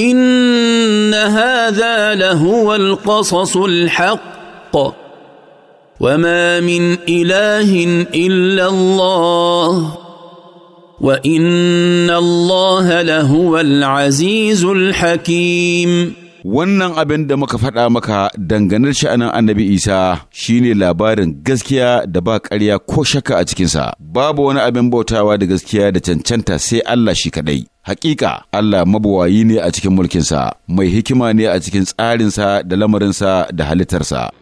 ان هذا لهو القصص الحق وما من اله الا الله وان الله لهو العزيز الحكيم Wannan abin da muka faɗa maka dangane sha'anin annabi Isa shine labarin gaskiya da ba ƙarya ko shakka a cikinsa, babu wani abin bautawa da gaskiya da cancanta sai Allah shi kaɗai. Hakika Allah mabuwayi ne a cikin mulkinsa, mai hikima ne a cikin tsarinsa da lamarinsa da halittarsa.